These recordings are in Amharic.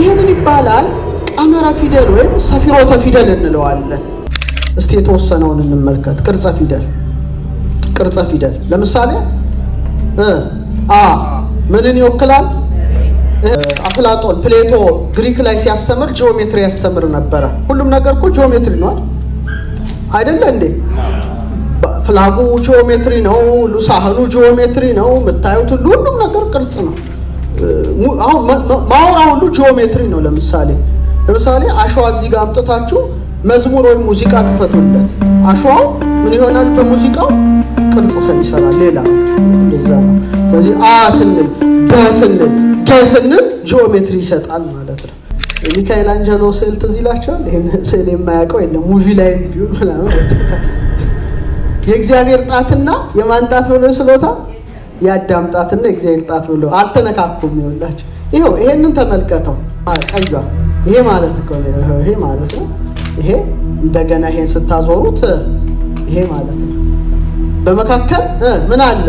ይሄ ምን ይባላል? ቀመረ ፊደል ወይም ሰፊሮተ ፊደል እንለዋለን። እስቲ የተወሰነውን እንመልከት። ቅርጸ ፊደል ቅርጸ ፊደል ለምሳሌ አ ምንን ይወክላል? አፍላጦን ፕሌቶ ግሪክ ላይ ሲያስተምር ጂኦሜትሪ ያስተምር ነበረ። ሁሉም ነገር እኮ ጂኦሜትሪ ነው አይደለ እንዴ? ፍላጉ ጂኦሜትሪ ነው፣ ሳህኑ ጂኦሜትሪ ነው፣ የምታዩት ሁሉም ነገር ቅርጽ ነው። አሁን ማውራ ሁሉ ጂኦሜትሪ ነው። ለምሳሌ ለምሳሌ አሸዋ እዚህ ጋር አምጥታችሁ መዝሙር ወይም ሙዚቃ ክፈቱለት። አሸዋው ምን ይሆናል? በሙዚቃው ቅርጽ ሰን ይሰራል። ሌላ እንደዛ ነው። ስለዚህ አ ስንል ደ ስንል ከ ስንል ጂኦሜትሪ ይሰጣል ማለት ነው። ሚካኤል አንጀሎ ስዕል ትዝ ይላቸዋል። ይህን ስዕል የማያውቀው የለም። ሙቪ ላይም ቢሆን ምናምን የእግዚአብሔር ጣትና የማን ጣት ብሎ ስሎታ የአዳም ጣትና የእግዚአብሔር ጣት ብሎ አልተነካኩም። ይኸውላችሁ፣ ይኸው ይሄንን ተመልከተው። ቀዩ ይሄ ማለት ይሄ ማለት ነው። ይሄ እንደገና ይሄን ስታዞሩት ይሄ ማለት ነው። በመካከል ምን አለ?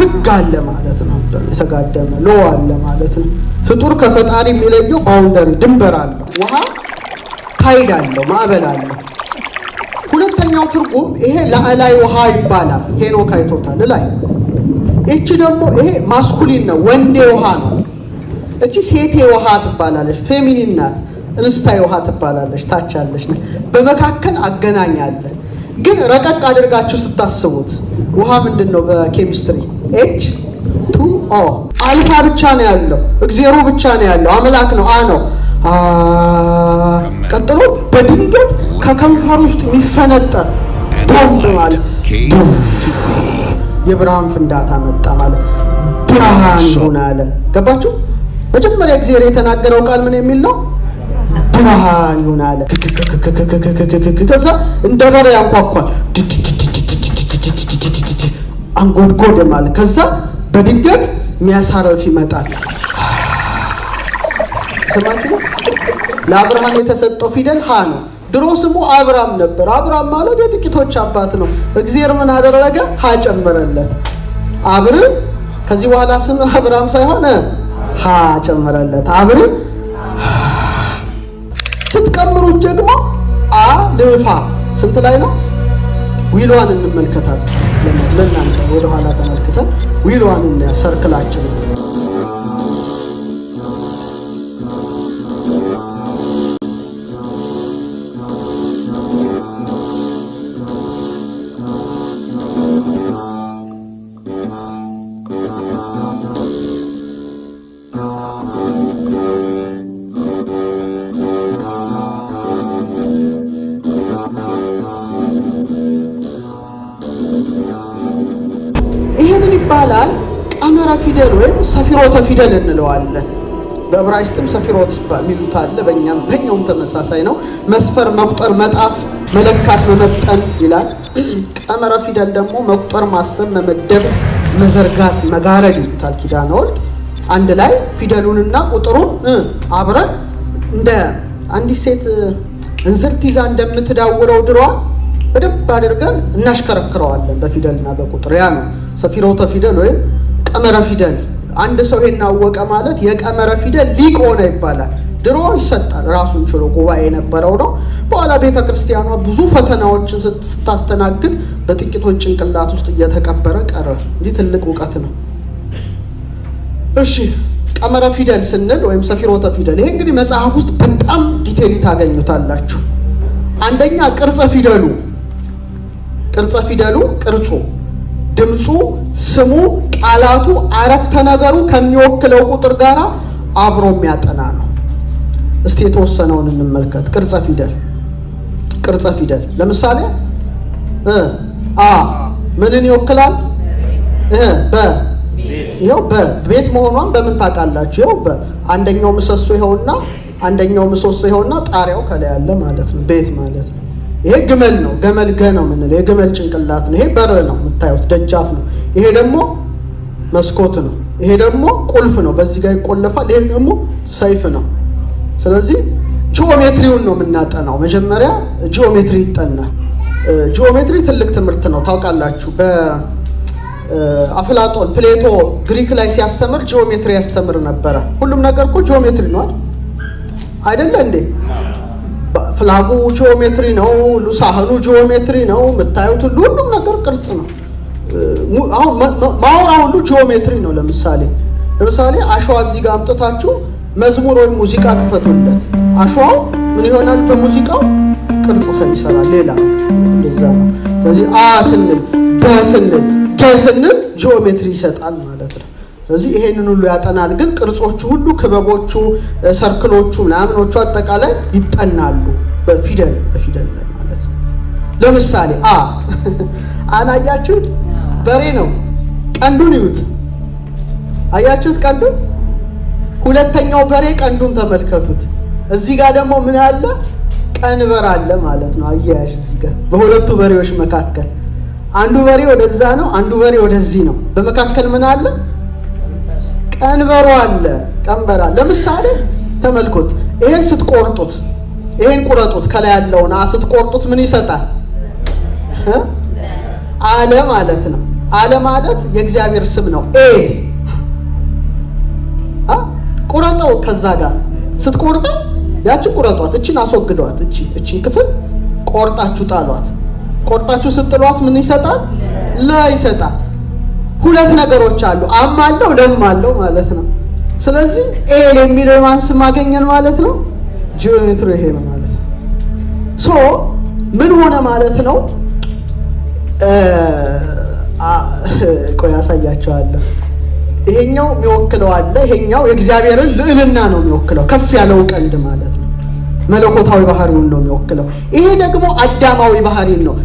ህግ አለ ማለት ነው። የተጋደመ ሎ አለ ማለት ነው። ፍጡር ከፈጣሪ የሚለየው ባውንደሪ ድንበር አለው። ውሃ ታይድ አለው፣ ማዕበል አለው። ሁለተኛው ትርጉም ይሄ ላዕላይ ውሃ ይባላል። ሄኖክ አይቶታል ላይ እቺ ደግሞ ይሄ ማስኩሊን ነው፣ ወንዴ ውሃ ነው። እቺ ሴቴ ውሃ ትባላለች፣ ፌሚኒን ናት። እንስታ ውሃ ትባላለች፣ ታች ነ በመካከል አገናኝ አለ። ግን ረቀቅ አድርጋችሁ ስታስቡት ውሃ ምንድን ነው? በኬሚስትሪ ኤች ቱ ኦ አልፋ ብቻ ነው ያለው፣ እግዜሮ ብቻ ነው ያለው። አምላክ ነው አ ነው ቀጥሎ በድንገት ከከንፈር ውስጥ የሚፈነጠር ቦምብ ማለት የብርሃን ፍንዳታ መጣ ማለት ብርሃን ሆነ አለ። ገባችሁ? መጀመሪያ እግዚአብሔር የተናገረው ቃል ምን የሚል ነው? ብርሃን ይሁን አለ። ከዛ እንደ በረ ያንኳኳል አንጎድጎድ ማለት ከዛ በድንገት የሚያሳረፍ ይመጣል። ስማችሁ ለአብርሃም የተሰጠው ፊደል ሀ ነው። ድሮ ስሙ አብራም ነበር። አብራም ማለት የጥቂቶች አባት ነው። እግዚአብሔር ምን አደረገ? ጨመረለት አብርም። ከዚህ በኋላ ስም አብራም ሳይሆን ጨመረለት አብርም። ስትቀምሩት ደግሞ አልፋ ስንት ላይ ነው? ዊሏን እንመልከታት ለእናንተ ወደኋላ ተመልክተን ዊሏን ሰርክላችን ሰፊሮተ ፊደል እንለዋለን። በዕብራይስጥም ሰፊሮት የሚሉት አለ። በእኛም በኛውም ተመሳሳይ ነው። መስፈር፣ መቁጠር፣ መጣፍ፣ መለካት፣ መመጠን ይላል። ቀመረ ፊደል ደግሞ መቁጠር፣ ማሰብ፣ መመደብ፣ መዘርጋት፣ መጋረድ ይሉታል ኪዳነ ወልድ። አንድ ላይ ፊደሉንና ቁጥሩን አብረን እንደ አንዲት ሴት እንዝርት ይዛ እንደምትዳውረው ድሯ በደንብ አድርገን እናሽከረክረዋለን በፊደልና በቁጥር ያ ነው ሰፊሮተ ፊደል ወይም ቀመረ ፊደል አንድ ሰው ይሄን አወቀ ማለት የቀመረ ፊደል ሊቅ ሆነ ይባላል። ድሮ ይሰጣል፣ ራሱን ችሎ ጉባኤ የነበረው ነው። በኋላ ቤተ ክርስቲያኗ ብዙ ፈተናዎችን ስታስተናግድ በጥቂቶች ጭንቅላት ውስጥ እየተቀበረ ቀረ። እንጂ ትልቅ እውቀት ነው። እሺ ቀመረ ፊደል ስንል ወይም ሰፊሮተ ፊደል፣ ይሄ እንግዲህ መጽሐፍ ውስጥ በጣም ዲቴል ታገኙታላችሁ። አንደኛ ቅርጸ ፊደሉ ቅርጸ ፊደሉ ቅርጹ፣ ድምፁ፣ ስሙ፣ ቃላቱ አረፍተ ነገሩ ከሚወክለው ቁጥር ጋር አብሮ የሚያጠና ነው። እስቲ የተወሰነውን እንመልከት። ቅርጸ ፊደል ቅርጸ ፊደል ለምሳሌ አ ምንን ይወክላል? በ ይኸው በቤት መሆኗን በምን ታውቃላችሁ? ይኸው አንደኛው ምሰሶ ይኸውና አንደኛው ምሰሶ ይኸውና ጣሪያው ከላይ ያለ ማለት ነው። ቤት ማለት ነው። ይሄ ግመል ነው። ገመል ገ ነው የምንለው የግመል ጭንቅላት ነው። ይሄ በር ነው የምታዩት፣ ደጃፍ ነው። ይሄ ደግሞ መስኮት ነው። ይሄ ደግሞ ቁልፍ ነው። በዚህ ጋር ይቆለፋል። ይሄ ደግሞ ሰይፍ ነው። ስለዚህ ጂኦሜትሪውን ነው የምናጠናው። መጀመሪያ ጂኦሜትሪ ይጠናል። ጂኦሜትሪ ትልቅ ትምህርት ነው። ታውቃላችሁ በአፍላጦን ፕሌቶ ግሪክ ላይ ሲያስተምር ጂኦሜትሪ ያስተምር ነበረ። ሁሉም ነገር እኮ ጂኦሜትሪ ነው አይደለ እንዴ? ፍላጉ ጂኦሜትሪ ነው፣ ሉሳህኑ ጂኦሜትሪ ነው፣ የምታዩት ሁሉም ነገር ቅርጽ ነው። አሁን ማውራ ሁሉ ጂኦሜትሪ ነው። ለምሳሌ ለምሳሌ አሸዋ እዚህ ጋር አምጥታችሁ መዝሙር ወይም ሙዚቃ ክፈቱለት። አሸዋው ምን ይሆናል? በሙዚቃው ቅርጽ ሰ ይሰራል። ሌላ እንደዛ ነው። ስለዚህ አ ስንል ደ ስንል ደ ስንል ጂኦሜትሪ ይሰጣል ማለት ነው። ስለዚህ ይሄንን ሁሉ ያጠናል። ግን ቅርጾቹ ሁሉ ክበቦቹ፣ ሰርክሎቹ፣ ምናምኖቹ አጠቃላይ ይጠናሉ በፊደል በፊደል ላይ ማለት ነው። ለምሳሌ አ አላያችሁት በሬ ነው። ቀንዱን ይዩት፣ አያችሁት? ቀንዱ ሁለተኛው በሬ ቀንዱን ተመልከቱት። እዚህ ጋር ደግሞ ምን አለ? ቀንበር አለ ማለት ነው። አያያዥ እዚህ ጋር በሁለቱ በሬዎች መካከል አንዱ በሬ ወደዛ ነው፣ አንዱ በሬ ወደዚህ ነው። በመካከል ምን አለ? ቀንበሩ አለ። ቀንበር አለ። ለምሳሌ ተመልኮት ይሄን ስትቆርጡት፣ ይሄን ቁረጡት። ከላይ ያለውን ስትቆርጡት ምን ይሰጣል? አለ ማለት ነው። አለማለት የእግዚአብሔር ስም ነው። ኤ ቁረጠው። ከዛ ጋር ስትቆርጠው ያችን ቁረጧት፣ እችን አስወግዷት፣ እቺ እቺን ክፍል ቆርጣችሁ ጣሏት። ቆርጣችሁ ስትሏት ምን ይሰጣል? ለ ይሰጣል። ሁለት ነገሮች አሉ፣ አም አለው ለም አለው ማለት ነው። ስለዚህ ኤ የሚለው የማን ስም አገኘን ማለት ነው? ጂኦሜትሪ ይሄ ነው ማለት ነው። ሶ ምን ሆነ ማለት ነው ቆይ ያሳያቸዋለሁ። ይሄኛው የሚወክለው አለ። ይሄኛው የእግዚአብሔርን ልዕልና ነው የሚወክለው፣ ከፍ ያለው ቀንድ ማለት ነው። መለኮታዊ ባህሪውን ነው የሚወክለው። ይሄ ደግሞ አዳማዊ ባህሪን ነው።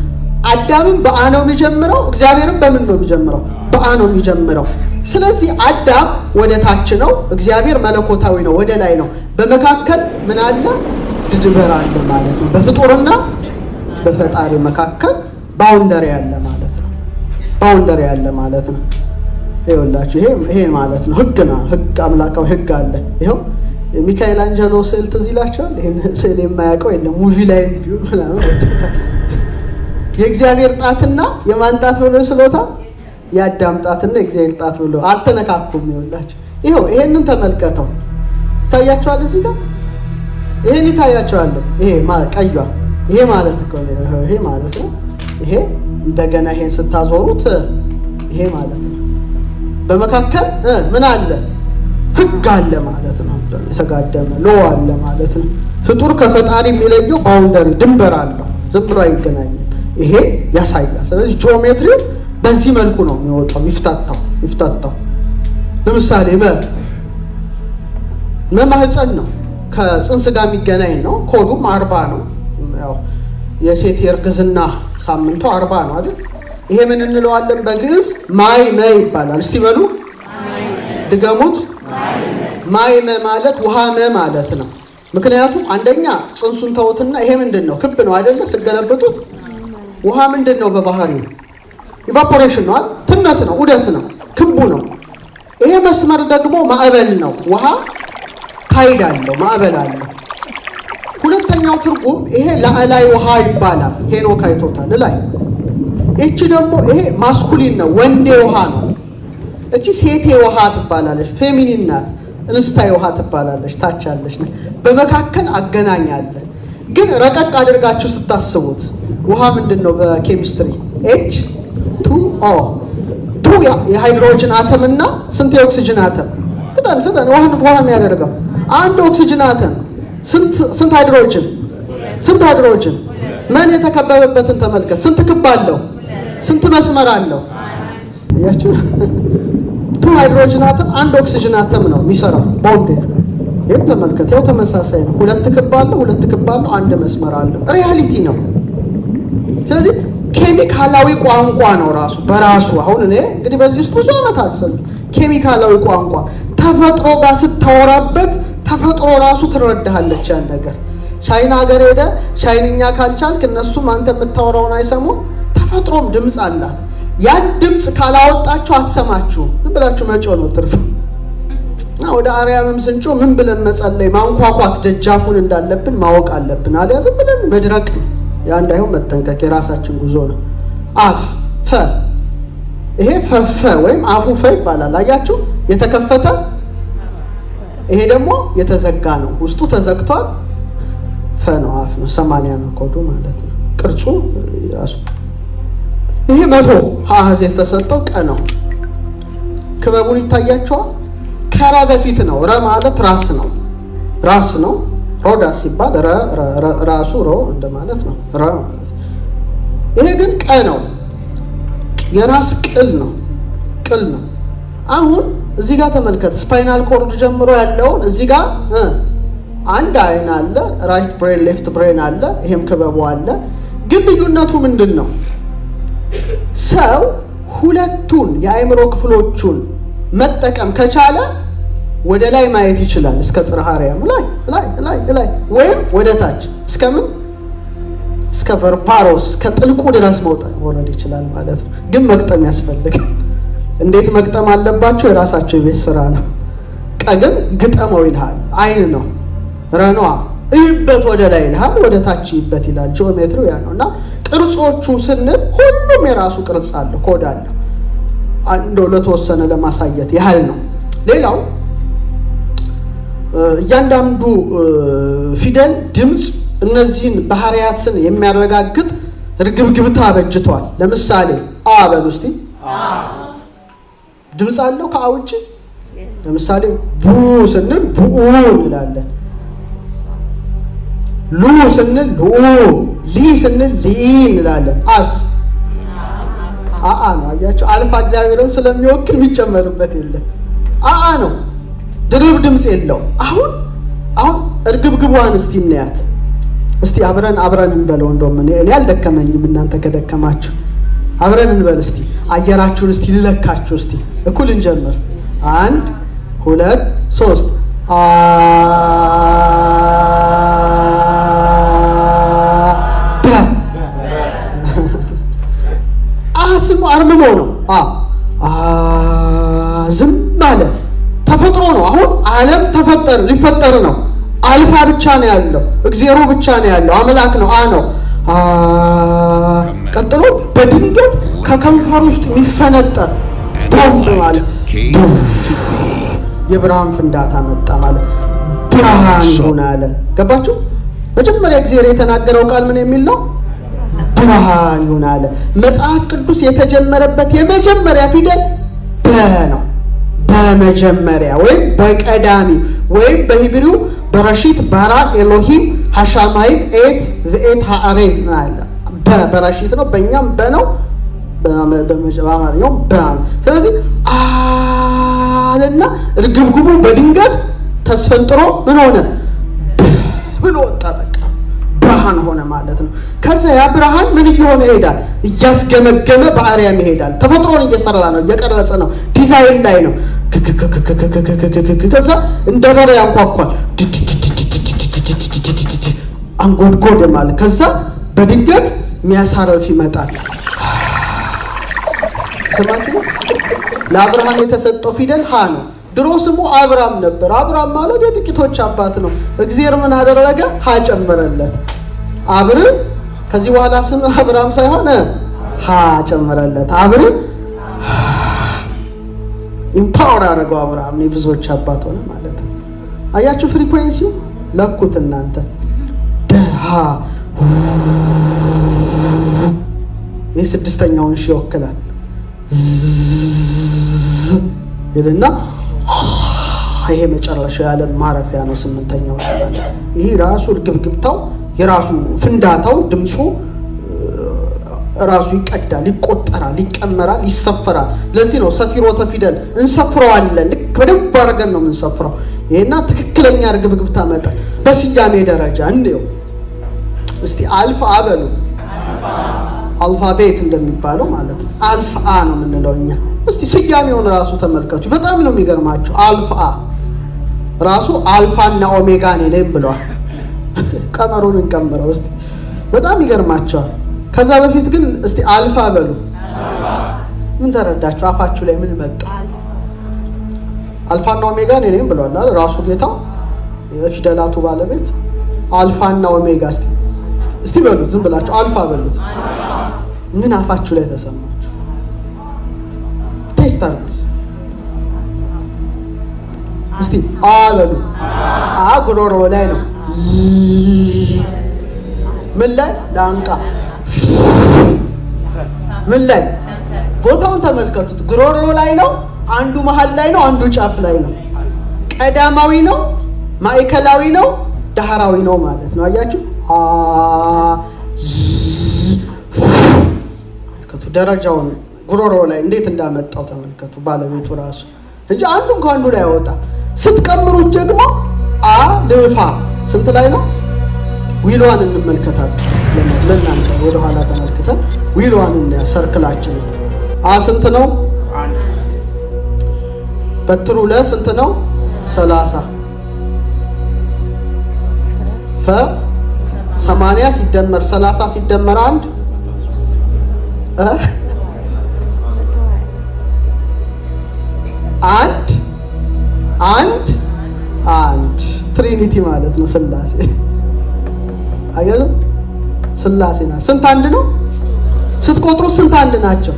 አዳምን በአ ነው የሚጀምረው፣ እግዚአብሔርን በምን ነው የሚጀምረው? በአ ነው የሚጀምረው። ስለዚህ አዳም ወደ ታች ነው፣ እግዚአብሔር መለኮታዊ ነው፣ ወደ ላይ ነው። በመካከል ምን አለ? ድድበር አለ ማለት ነው። በፍጡርና በፈጣሪ መካከል ባውንደሪ አለ ማለት ነው። ባውንደሪ ያለ ማለት ነው። ይኸውላችሁ ይሄ ይሄ ማለት ነው ህግ ነው። ህግ አምላካዊ ህግ አለ። ይኸው ሚካኤል አንጀሎ ስዕል ትዝ ይላቸዋል። ይህን ስዕል የማያውቀው የለም። ሙቪ ላይ ቢሆን ምናምን የእግዚአብሔር ጣትና የማን ጣት ብሎ ስሎታ የአዳም ጣትና የእግዚአብሔር ጣት ብሎ አልተነካኩም። ይኸውላችሁ ይኸው ይሄንን ተመልከተው ይታያቸዋል። እዚህ ጋር ይሄን ይታያቸዋል። ይሄ ቀዩ ይሄ ማለት ነው። ይሄ ማለት ነው። ይሄ እንደገና ይሄን ስታዞሩት ይሄ ማለት ነው። በመካከል ምን አለ? ህግ አለ ማለት ነው። የተጋደመ ሎ አለ ማለት ነው። ፍጡር ከፈጣሪ የሚለየው ባውንደሪ ድንበር አለው። ዝም ብሎ አይገናኝም። ይሄ ያሳያል። ስለዚህ ጂኦሜትሪው በዚህ መልኩ ነው የሚወጣው የሚፍታታው የሚፍታታው ለምሳሌ መ መማህፀን ነው ከፅንስ ጋር የሚገናኝ ነው። ኮዱም አርባ ነው። ያው የሴት የእርግዝና ሳምንቱ አርባ ነው አይደል? ይሄ ምን እንለዋለን? በግዕዝ ማይ መ ይባላል። እስቲ በሉ ድገሙት። ማይ መ ማለት ውሃ መ ማለት ነው። ምክንያቱም አንደኛ ጽንሱን ተውትና፣ ይሄ ምንድን ነው? ክብ ነው አይደለ? ስገለብጡት ውሃ ምንድን ነው? በባህሪው ኢቫፖሬሽን ነው፣ ትነት ነው፣ ውደት ነው፣ ክቡ ነው። ይሄ መስመር ደግሞ ማዕበል ነው። ውሃ ታይድ አለው፣ ማዕበል አለው። ሁለተኛው ትርጉም ይሄ ላዕላይ ውሃ ይባላል። ሄኖክ አይቶታል ላይ እቺ ደግሞ ይሄ ማስኩሊን ነው፣ ወንዴ ውሃ ነው። እቺ ሴቴ ውሃ ትባላለች፣ ፌሚኒን ናት። እንስታይ ውሃ ትባላለች፣ ታቻለች። በመካከል አለ። ግን ረቀቅ አድርጋችሁ ስታስቡት ውሃ ምንድን ነው? በኬሚስትሪ ኤች ቱ ኦ ቱ የሃይድሮጅን አተም እና ስንት የኦክሲጅን አተም? ፍጠን ፍጠን ውሃ የሚያደርገው አንድ ኦክሲጅን አተም ስንት አድሮችን ስንት አድሮችን ምን የተከበበበትን ተመልከት። ስንት ክብ አለው? ስንት መስመር አለው? ያቺ ቱ አተም አንድ አተም ነው የሚሰራው ቦንድ። ይሄ ተመልከት። ያው ተመሳሳይ ነው። ሁለት ክብ አለው፣ ሁለት ክብ አለው፣ አንድ መስመር አለው። ሪያሊቲ ነው። ስለዚህ ኬሚካላዊ ቋንቋ ነው ራሱ በራሱ። አሁን እኔ እንግዲህ በዚህ ውስጥ ብዙ አመት አልሰለም። ኬሚካላዊ ቋንቋ ተፈጥሮ ጋር ስታወራበት ተፈጥሮ ራሱ ትረዳሃለች። ያን ነገር ቻይና ሀገር ሄደ ቻይንኛ ካልቻልክ እነሱም አንተ የምታወራውን አይሰሙም። ተፈጥሮም ድምፅ አላት። ያን ድምፅ ካላወጣችሁ አትሰማችሁም። ምን ብላችሁ መጮህ ነው ትርፍ ወደ አርያምም ስንጮ ምን ብለን መጸለይ ማንኳኳት ደጃፉን እንዳለብን ማወቅ አለብን። አሊያ ዝም ብለን መድረቅ ያ እንዳይሆን መጠንቀቅ የራሳችን ጉዞ ነው። አፍ ፈ ይሄ ፈፈ ወይም አፉ ፈ ይባላል። አያችሁ የተከፈተ ይሄ ደግሞ የተዘጋ ነው፣ ውስጡ ተዘግቷል። ፈ ነው አፍ ነው፣ ሰማንያ ነው ኮዱ ማለት ነው። ቅርጹ ራሱ ይሄ መቶ ሀዝ የተሰጠው ቀ ነው። ክበቡን ይታያቸዋል። ከረ በፊት ነው። ረ ማለት ራስ ነው፣ ራስ ነው። ሮዳ ሲባል ራሱ ሮ እንደማለት ነው። ረ ማለት ይሄ ግን ቀ ነው፣ የራስ ቅል ነው፣ ቅል ነው አሁን እዚህ ጋር ተመልከት። ስፓይናል ኮርድ ጀምሮ ያለውን እዚህ ጋር አንድ አይን አለ፣ ራይት ብሬን ሌፍት ብሬን አለ፣ ይሄም ክበቡ አለ። ግን ልዩነቱ ምንድን ነው? ሰው ሁለቱን የአእምሮ ክፍሎቹን መጠቀም ከቻለ ወደ ላይ ማየት ይችላል፣ እስከ ጽርሐ አርያም ላይ ላይ ላይ ላይ ወይም ወደ ታች እስከምን እስከ ቨርፓሮስ እስከ ጥልቁ ድረስ መውጣት መውረድ ይችላል ማለት ነው። ግን መቅጠም ያስፈልጋል። እንዴት መግጠም አለባቸው? የራሳቸው የቤት ስራ ነው። ቀግም ግጠመው ይልሃል። አይን ነው ረኗ እይበት ወደ ላይ ይልሃል፣ ወደ ታች ይበት ይላል። ጂኦሜትሪ ያ ነው እና ቅርጾቹ ስንል ሁሉም የራሱ ቅርጽ አለ ኮድ አለ። እንደው ለተወሰነ ለማሳየት ያህል ነው። ሌላው እያንዳንዱ ፊደል፣ ድምፅ እነዚህን ባህሪያትን የሚያረጋግጥ ርግብግብታ በጅቷል ለምሳሌ አበል ውስቲ ድምፅ አለው ከአ ውጭ። ለምሳሌ ቡ ስንል ቡኡ እንላለን። ሉ ስንል ልኡ፣ ሊ ስንል ሊ እንላለን። አስ አአ ነው። አያቸው አልፋ እግዚአብሔርን ስለሚወክል የሚጨመርበት የለም። አአ ነው። ድርብ ድምፅ የለው። አሁን አሁን እርግብግቧን እስቲ እናያት። እስቲ አብረን አብረን እንበለው። እንደውም እኔ አልደከመኝም፣ እናንተ ከደከማችሁ አብረን እንበል እስቲ አየራችሁን እስቲ ልለካችሁ እስቲ እኩል እንጀምር። አንድ ሁለት ሶስት ስሙ አርምሞ ነው። ዝም አለ። ተፈጥሮ ነው። አሁን አለም ተፈጠር ሊፈጠር ነው። አልፋ ብቻ ነው ያለው። እግዜሮ ብቻ ነው ያለው። አምላክ ነው። አ ነው ቀጥሎ በድንገት ከከንፈር ውስጥ የሚፈነጠር ቦምብ ማለት የብርሃን ፍንዳታ መጣ ማለት ብርሃን ሆነ አለ። ገባችሁ? መጀመሪያ እግዚአብሔር የተናገረው ቃል ምን የሚል ነው? ብርሃን ይሁን አለ። መጽሐፍ ቅዱስ የተጀመረበት የመጀመሪያ ፊደል በ ነው። በመጀመሪያ ወይም በቀዳሚ ወይም በሂብሪው በረሺት ባራ ኤሎሂም ሀሻማይም ኤት ቬኤት ሀአሬዝ ነው ያለ። በ በረሺት ነው፣ በእኛም በ ነው በአማርኛው በም ስለዚህ አለና እርግብግቡ በድንገት ተስፈንጥሮ ምን ሆነ ብሎ ወጣ። በቃ ብርሃን ሆነ ማለት ነው። ከዛ ያ ብርሃን ምን እየሆነ ይሄዳል? እያስገመገመ በአርያም ይሄዳል። ተፈጥሮን እየሰራ ነው፣ እየቀረጸ ነው፣ ዲዛይን ላይ ነው። ከዛ እንደ በር ያንኳኳል፣ አንጎድጎድ ማለት ከዛ በድንገት የሚያሳረፍ ይመጣል። ሰማችሁ? ለአብርሃም የተሰጠው ፊደል ሀ ነው። ድሮ ስሙ አብራም ነበር። አብራም ማለት የጥቂቶች አባት ነው። እግዚአብሔር ምን አደረገ? ሀ ጨመረለት። አብርም ከዚህ በኋላ ስም አብራም ሳይሆን ሀ ጨመረለት። አብርም ኢምፓወር አደረገው። አብርሃም የብዙዎች አባት ሆነ ማለት ነው። አያችሁ ፍሪኩዌንሲው ለኩት እናንተ ደሃ ይህ ስድስተኛውን ሺ ይወክላል። ይልና ይሄ መጨረሻ የዓለም ማረፊያ ነው። ስምንተኛው ይሄ ራሱ እርግብግብታው የራሱ ፍንዳታው ድምፁ ራሱ ይቀዳል፣ ይቆጠራል፣ ይቀመራል፣ ይሰፈራል። ለዚህ ነው ሰፊሮተ ፊደል እንሰፍረዋለን። ልክ በደንብ አድርገን ነው የምንሰፍረው። ይሄና ትክክለኛ ግብግብታ መጠን በስያሜ ደረጃ እንየው እስቲ አልፍ አበሉ አልፋቤት እንደሚባለው ማለት ነው። አ ነው የምንለው እኛ። እስቲ ስያሜውን ራሱ ተመልከቱ። በጣም ነው የሚገርማችሁ። አ ራሱ አልፋና ኦሜጋ እኔ ነኝ ብለዋል። ቀመሩን እንቀምረው እስቲ። በጣም ይገርማቸዋል። ከዛ በፊት ግን እስቲ አልፋ በሉ። ምን ተረዳችሁ? አፋችሁ ላይ ምን መጣ? አልፋና ኦሜጋ እኔ ነኝ ብለዋል ራሱ ጌታው የፊደላቱ ባለቤት አልፋና ኦሜጋ። እስቲ እስቲ በሉት፣ ዝም ብላችሁ አልፋ በሉት። ምን አፋችሁ ላይ ተሰማችሁ? ቴስት አርጉት እስቲ። አበሉ አጉሮሮ ላይ ነው። ምን ላይ ላንቃ፣ ምን ላይ ቦታውን ተመልከቱት። ጉሮሮ ላይ ነው። አንዱ መሀል ላይ ነው። አንዱ ጫፍ ላይ ነው። ቀዳማዊ ነው፣ ማዕከላዊ ነው፣ ዳህራዊ ነው ማለት ነው። አያችሁ አ ደረጃውን ጉሮሮ ላይ እንዴት እንዳመጣው ተመልከቱ። ባለቤቱ ራሱ እንጂ አንዱን ከአንዱ ላይ ያወጣ ስትቀምሩት ደግሞ አልፋ ስንት ላይ ነው? ዊሏን እንመልከታት ለእናንተ ወደኋላ ተመልክተን ዊሏን እናያ። ሰርክላችን አ ስንት ነው? በትሩ ለ ስንት ነው? ሰላሳ ፈ ሰማንያ ሲደመር ሰላሳ ሲደመር አንድ አንድ አንድ አንድ ትሪኒቲ ማለት ነው። ስላሴ አያለም ስላሴ ናት። ስንት አንድ ነው ስትቆጥሩ? ስንት አንድ ናቸው?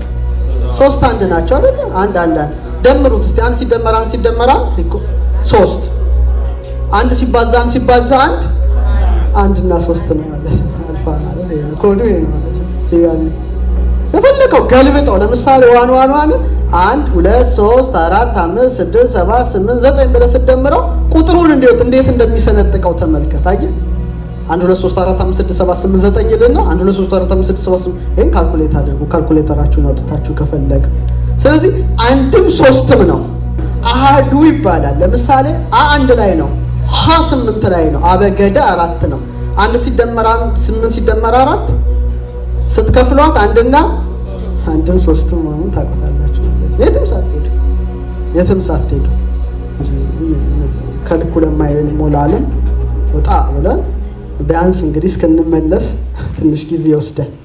ሶስት አንድ ናቸው አይደለ? አንድ አንድ አንድ ደምሩት እስቲ። አንድ ሲደመር አንድ ሲደመር ሶስት፣ አንድ ሲባዛ አንድ ሲባዛ አንድ፣ አንድ እና ሶስት ነው ማለት አልፋ ማለት ነው። ኮዱ ይሄ ነው። በፈለገው ገልብጠው። ለምሳሌ ዋን ዋን ዋን አንድ ሁለት ሶስት አራት አምስት ስድስት ሰባት ስምንት ዘጠኝ ብለህ ስትደምረው ቁጥሩን እንዴት እንዴት እንደሚሰነጥቀው ተመልከት። አየህ አንድ ሁለት ሶስት አራት አምስት ስድስት ሰባት ስምንት ዘጠኝ ይልና አንድ ሁለት ሶስት አራት አምስት ስድስት ሰባት ስምንት ይህን ካልኩሌት አድርጉ ካልኩሌተራችሁን አውጥታችሁ ከፈለገ። ስለዚህ አንድም ሶስትም ነው አሃዱ ይባላል። ለምሳሌ አ አንድ ላይ ነው፣ ሀ ስምንት ላይ ነው፣ አበገደ አራት ነው። አንድ ሲደመር ስምንት ሲደመር አራት ስትከፍሏት አንድና አንድም ሶስትም መሆኑን ታውቁታላችሁ ማለት ነው። የትም ሳትሄዱ የትም ሳትሄዱ ከልኩ ለማይሞላ ዓለም ወጣ ብለን ቢያንስ እንግዲህ እስክንመለስ ትንሽ ጊዜ ይወስዳል።